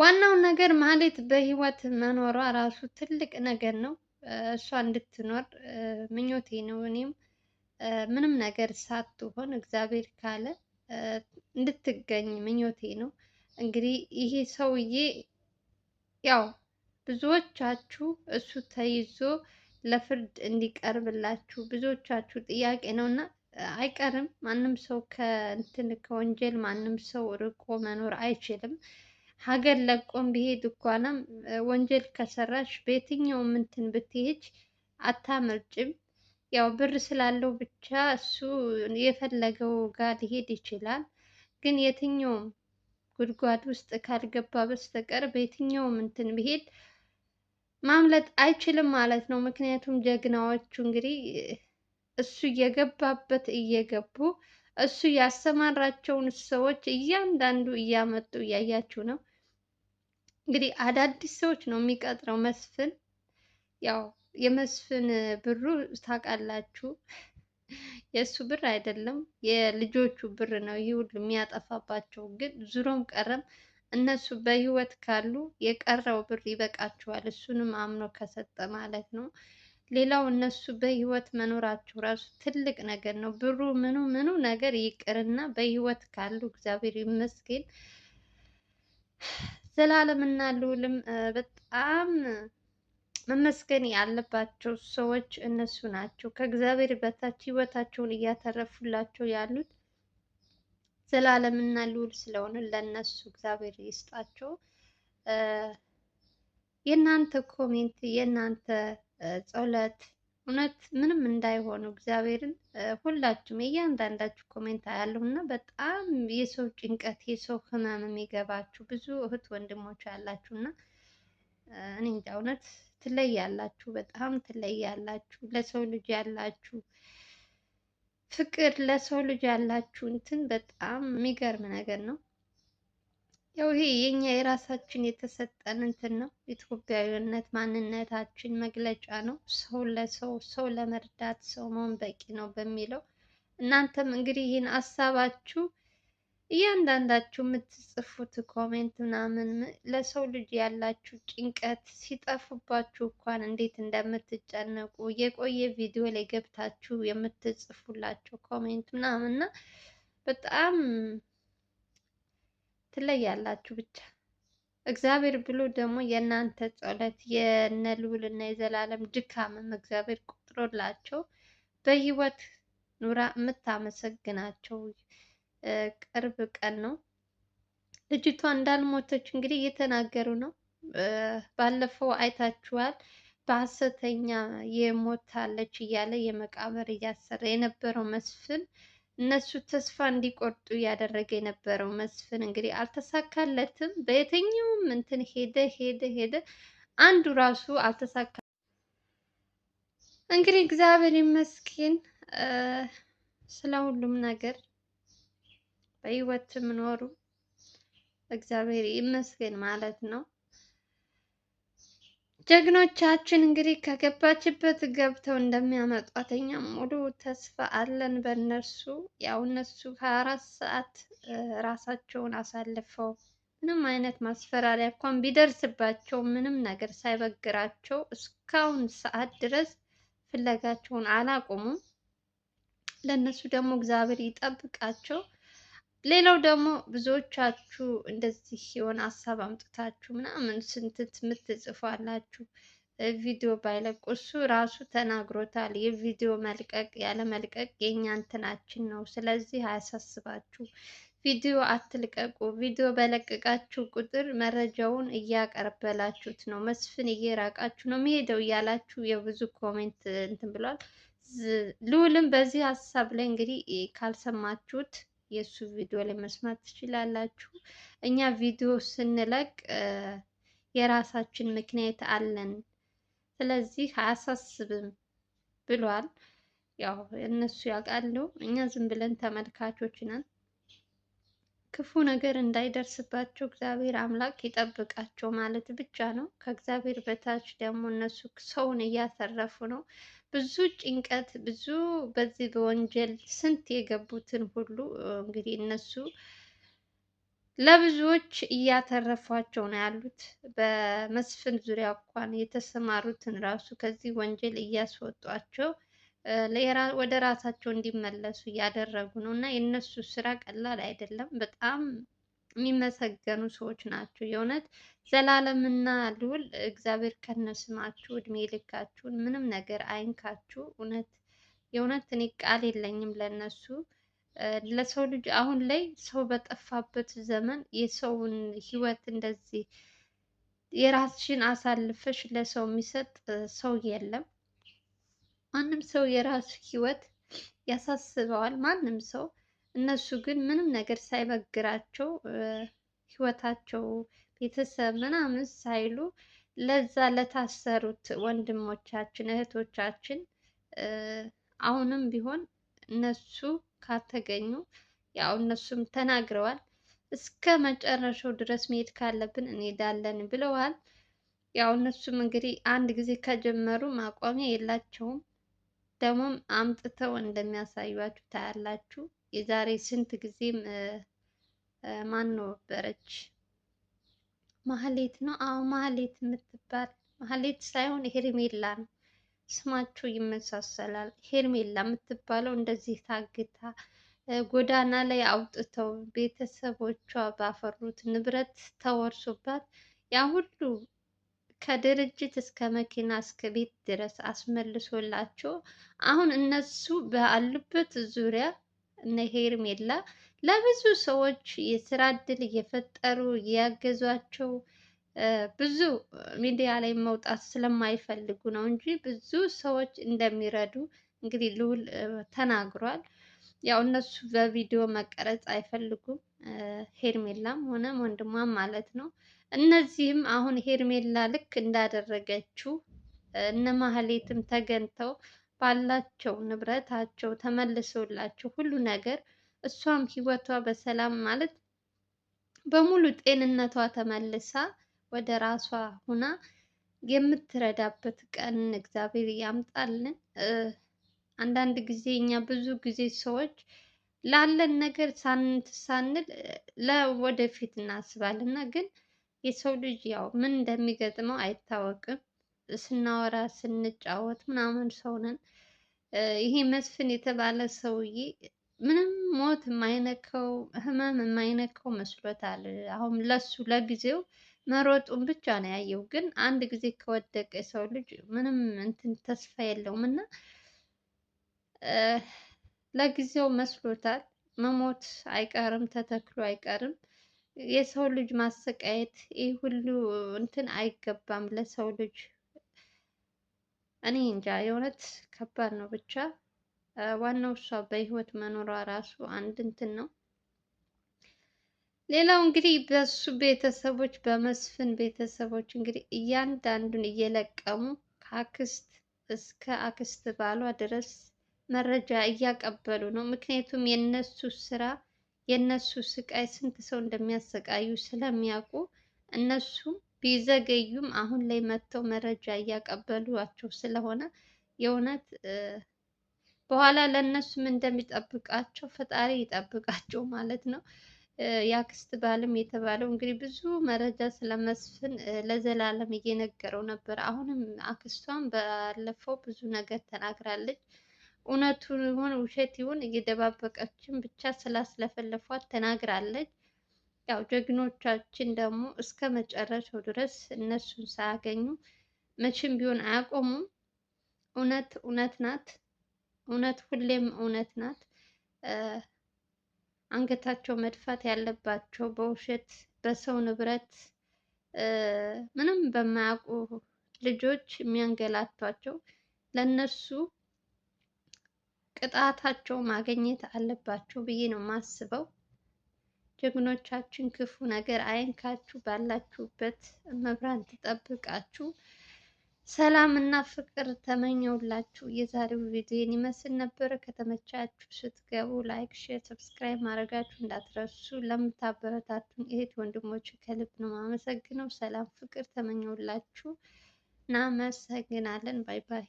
ዋናው ነገር ማለት በህይወት መኖሯ ራሱ ትልቅ ነገር ነው። እሷ እንድትኖር ምኞቴ ነው። እኔም ምንም ነገር ሳትሆን እግዚአብሔር ካለ እንድትገኝ ምኞቴ ነው። እንግዲህ ይሄ ሰውዬ ያው ብዙዎቻችሁ እሱ ተይዞ ለፍርድ እንዲቀርብላችሁ ብዙዎቻችሁ ጥያቄ ነው እና አይቀርም። ማንም ሰው ከእንትን ከወንጀል ማንም ሰው ርቆ መኖር አይችልም። ሀገር ለቆም ቢሄድ እንኳን ወንጀል ከሰራሽ በየትኛውም እንትን ብትሄጅ አታመልጭም። ያው ብር ስላለው ብቻ እሱ የፈለገው ጋር ሊሄድ ይችላል። ግን የትኛውም ጉድጓድ ውስጥ ካልገባ በስተቀር በየትኛውም እንትን ቢሄድ ማምለጥ አይችልም ማለት ነው። ምክንያቱም ጀግናዎቹ እንግዲህ እሱ እየገባበት እየገቡ እሱ ያሰማራቸውን ሰዎች እያንዳንዱ እያመጡ እያያችሁ ነው። እንግዲህ አዳዲስ ሰዎች ነው የሚቀጥረው መስፍን። ያው የመስፍን ብሩ ታውቃላችሁ፣ የእሱ ብር አይደለም የልጆቹ ብር ነው ይህ ሁሉ የሚያጠፋባቸው። ግን ዙሮም ቀረም እነሱ በህይወት ካሉ የቀረው ብር ይበቃቸዋል። እሱንም አምኖ ከሰጠ ማለት ነው። ሌላው እነሱ በህይወት መኖራቸው ራሱ ትልቅ ነገር ነው። ብሩ ምኑ ምኑ ነገር ይቅርና በህይወት ካሉ እግዚአብሔር ይመስገን። ዘላለምና ልዑልም በጣም መመስገን ያለባቸው ሰዎች እነሱ ናቸው። ከእግዚአብሔር በታች ህይወታቸውን እያተረፉላቸው ያሉት ዘላለምና ልዑል ስለሆነ ለእነሱ እግዚአብሔር ይስጣቸው። የእናንተ ኮሜንት፣ የእናንተ ጸሎት እውነት ምንም እንዳይሆኑ እግዚአብሔርን ሁላችሁም እያንዳንዳችሁ ኮሜንት አያለሁ እና በጣም የሰው ጭንቀት የሰው ህመም የሚገባችሁ ብዙ እህት ወንድሞች አላችሁ እና እኔ እንጃ እውነት ትለያላችሁ፣ በጣም ትለያላችሁ። ለሰው ልጅ ያላችሁ ፍቅር፣ ለሰው ልጅ ያላችሁ እንትን በጣም የሚገርም ነገር ነው። ያው ይሄ የኛ የራሳችን የተሰጠን እንትን ነው። ኢትዮጵያዊነት ማንነታችን መግለጫ ነው። ሰው ለሰው ሰው ለመርዳት ሰው መሆን በቂ ነው በሚለው እናንተም እንግዲህ ይህን አሳባችሁ እያንዳንዳችሁ የምትጽፉት ኮሜንት ምናምን ለሰው ልጅ ያላችሁ ጭንቀት ሲጠፉባችሁ እንኳን እንዴት እንደምትጨነቁ የቆየ ቪዲዮ ላይ ገብታችሁ የምትጽፉላቸው ኮሜንት ምናምን እና በጣም ትለያላችሁ ብቻ። እግዚአብሔር ብሎ ደግሞ የእናንተ ጸሎት የነ እና የዘላለም ድካምም እግዚአብሔር ቆጥሮላቸው በህይወት ኑራ የምታመሰግናቸው ቅርብ ቀን ነው። ልጅቷ እንዳልሞተች እንግዲህ እየተናገሩ ነው። ባለፈው አይታችኋል። በሀሰተኛ የሞታለች እያለ የመቃብር እያሰራ የነበረው መስፍን እነሱ ተስፋ እንዲቆርጡ እያደረገ የነበረው መስፍን እንግዲህ አልተሳካለትም። በየትኛውም እንትን ሄደ ሄደ ሄደ አንዱ ራሱ አልተሳካ። እንግዲህ እግዚአብሔር ይመስገን ስለ ሁሉም ነገር በህይወት የምኖሩ እግዚአብሔር ይመስገን ማለት ነው። ጀግኖቻችን እንግዲህ ከገባችበት ገብተው እንደሚያመጧት እኛም ሙሉ ተስፋ አለን በእነርሱ። ያው እነሱ ሀያ አራት ሰዓት ራሳቸውን አሳልፈው ምንም አይነት ማስፈራሪያ እንኳን ቢደርስባቸው ምንም ነገር ሳይበግራቸው እስካሁን ሰዓት ድረስ ፍለጋቸውን አላቆሙም። ለእነሱ ደግሞ እግዚአብሔር ይጠብቃቸው። ሌላው ደግሞ ብዙዎቻችሁ እንደዚህ የሆነ ሀሳብ አምጥታችሁ ምናምን ስንትት የምትጽፉ ቪዲዮ ባይለቁ እሱ ራሱ ተናግሮታል። የቪዲዮ መልቀቅ ያለ መልቀቅ የእኛ እንትናችን ነው። ስለዚህ አያሳስባችሁ፣ ቪዲዮ አትልቀቁ። ቪዲዮ በለቀቃችሁ ቁጥር መረጃውን እያቀረበላችሁት ነው። መስፍን እየራቃችሁ ነው የሚሄደው እያላችሁ የብዙ ኮሜንት እንትን ብሏል። ልዑልም በዚህ ሀሳብ ላይ እንግዲህ ካልሰማችሁት የእሱ ቪዲዮ ላይ መስማት ትችላላችሁ። እኛ ቪዲዮ ስንለቅ የራሳችን ምክንያት አለን፣ ስለዚህ አያሳስብም ብሏል። ያው እነሱ ያውቃሉ፣ እኛ ዝም ብለን ተመልካቾች ነን። ክፉ ነገር እንዳይደርስባቸው እግዚአብሔር አምላክ ይጠብቃቸው ማለት ብቻ ነው። ከእግዚአብሔር በታች ደግሞ እነሱ ሰውን እያተረፉ ነው። ብዙ ጭንቀት ብዙ በዚህ በወንጀል ስንት የገቡትን ሁሉ እንግዲህ እነሱ ለብዙዎች እያተረፏቸው ነው ያሉት። በመስፍን ዙሪያ እንኳን የተሰማሩትን ራሱ ከዚህ ወንጀል እያስወጧቸው ወደ ራሳቸው እንዲመለሱ እያደረጉ ነው እና የእነሱ ስራ ቀላል አይደለም። በጣም የሚመሰገኑ ሰዎች ናቸው። የእውነት ዘላለምና ልዑል እግዚአብሔር ከነስማችሁ እድሜ ልካችሁን ምንም ነገር አይንካችሁ። እውነት የእውነት እኔ ቃል የለኝም ለእነሱ ለሰው ልጅ አሁን ላይ ሰው በጠፋበት ዘመን የሰውን ህይወት እንደዚህ የራስሽን አሳልፈሽ ለሰው የሚሰጥ ሰው የለም። ማንም ሰው የራሱ ህይወት ያሳስበዋል። ማንም ሰው እነሱ ግን ምንም ነገር ሳይበግራቸው ህይወታቸው ቤተሰብ ምናምን ሳይሉ ለዛ ለታሰሩት ወንድሞቻችን እህቶቻችን አሁንም ቢሆን እነሱ ካልተገኙ ያው እነሱም ተናግረዋል። እስከ መጨረሻው ድረስ መሄድ ካለብን እንሄዳለን ብለዋል። ያው እነሱም እንግዲህ አንድ ጊዜ ከጀመሩ ማቋሚያ የላቸውም። ደግሞም አምጥተው እንደሚያሳዩአችሁ ታያላችሁ። የዛሬ ስንት ጊዜም ማን ነበረች? ማህሌት ነው። አዎ ማህሌት የምትባል ማህሌት ሳይሆን ሄርሜላ ነው ስማቸው ይመሳሰላል። ሄርሜላ የምትባለው እንደዚህ ታግታ ጎዳና ላይ አውጥተው ቤተሰቦቿ ባፈሩት ንብረት ተወርሶባት ያ ሁሉ ከድርጅት እስከ መኪና እስከ ቤት ድረስ አስመልሶላቸው አሁን እነሱ ባሉበት ዙሪያ እነ ሄርሜላ ለብዙ ሰዎች የስራ እድል እየፈጠሩ እያገዟቸው ብዙ ሚዲያ ላይ መውጣት ስለማይፈልጉ ነው እንጂ ብዙ ሰዎች እንደሚረዱ እንግዲህ ልዑል ተናግሯል። ያው እነሱ በቪዲዮ መቀረጽ አይፈልጉም፣ ሄርሜላም ሆነ ወንድሟም ማለት ነው። እነዚህም አሁን ሄርሜላ ልክ እንዳደረገችው እነ ማህሌትም ተገንተው ባላቸው ንብረታቸው ተመልሶላቸው ሁሉ ነገር እሷም ህይወቷ በሰላም ማለት በሙሉ ጤንነቷ ተመልሳ ወደ ራሷ ሁና የምትረዳበት ቀን እግዚአብሔር ያምጣልን። አንዳንድ ጊዜ እኛ ብዙ ጊዜ ሰዎች ላለን ነገር ሳንት ሳንል ለወደፊት እናስባልና ግን የሰው ልጅ ያው ምን እንደሚገጥመው አይታወቅም። ስናወራ ስንጫወት ምናምን ሰውነን ይሄ መስፍን የተባለ ሰውዬ ምንም ሞት የማይነካው ህመም የማይነካው መስሎታል። አሁን ለሱ ለጊዜው መሮጡን ብቻ ነው ያየው። ግን አንድ ጊዜ ከወደቀ የሰው ልጅ ምንም እንትን ተስፋ የለውም እና ለጊዜው መስሎታል። መሞት አይቀርም፣ ተተክሎ አይቀርም። የሰው ልጅ ማሰቃየት ይህ ሁሉ እንትን አይገባም ለሰው ልጅ እኔ እንጃ የእውነት ከባድ ነው። ብቻ ዋናው እሷ በህይወት መኖሯ ራሱ አንድ እንትን ነው። ሌላው እንግዲህ በሱ ቤተሰቦች በመስፍን ቤተሰቦች እንግዲህ እያንዳንዱን እየለቀሙ ከአክስት እስከ አክስት ባሏ ድረስ መረጃ እያቀበሉ ነው። ምክንያቱም የነሱ ስራ የነሱ ስቃይ ስንት ሰው እንደሚያሰቃዩ ስለሚያውቁ እነሱም ቢዘገዩም አሁን ላይ መጥተው መረጃ እያቀበሏቸው ስለሆነ የእውነት በኋላ ለእነሱም እንደሚጠብቃቸው ፈጣሪ ይጠብቃቸው ማለት ነው። የአክስት ባልም የተባለው እንግዲህ ብዙ መረጃ ስለመስፍን ለዘላለም እየነገረው ነበር። አሁንም አክስቷን ባለፈው ብዙ ነገር ተናግራለች። እውነቱን ይሁን ውሸት ይሁን እየደባበቀችም ብቻ ስላስለፈለፏት ተናግራለች። ያው ጀግኖቻችን ደግሞ እስከ መጨረሻው ድረስ እነሱን ሳያገኙ መቼም ቢሆን አያቆሙም። እውነት እውነት ናት። እውነት ሁሌም እውነት ናት። አንገታቸው መድፋት ያለባቸው በውሸት በሰው ንብረት ምንም በማያውቁ ልጆች የሚያንገላቷቸው ለእነሱ ቅጣታቸው ማግኘት አለባቸው ብዬ ነው የማስበው። ጀግኖቻችን ክፉ ነገር አይንካችሁ፣ ባላችሁበት መብራን ትጠብቃችሁ። ሰላም እና ፍቅር ተመኘውላችሁ። የዛሬው ቪዲዮን ይመስል ነበር። ከተመቻችሁ ስትገቡ ላይክ፣ ሼር፣ ሰብስክራይብ ማድረጋችሁ እንዳትረሱ። ለምታበረታቱን እህት ወንድሞች ከልብ ነው የማመሰግነው። ሰላም ፍቅር ተመኘውላችሁ። እናመሰግናለን። ባይ ባይ።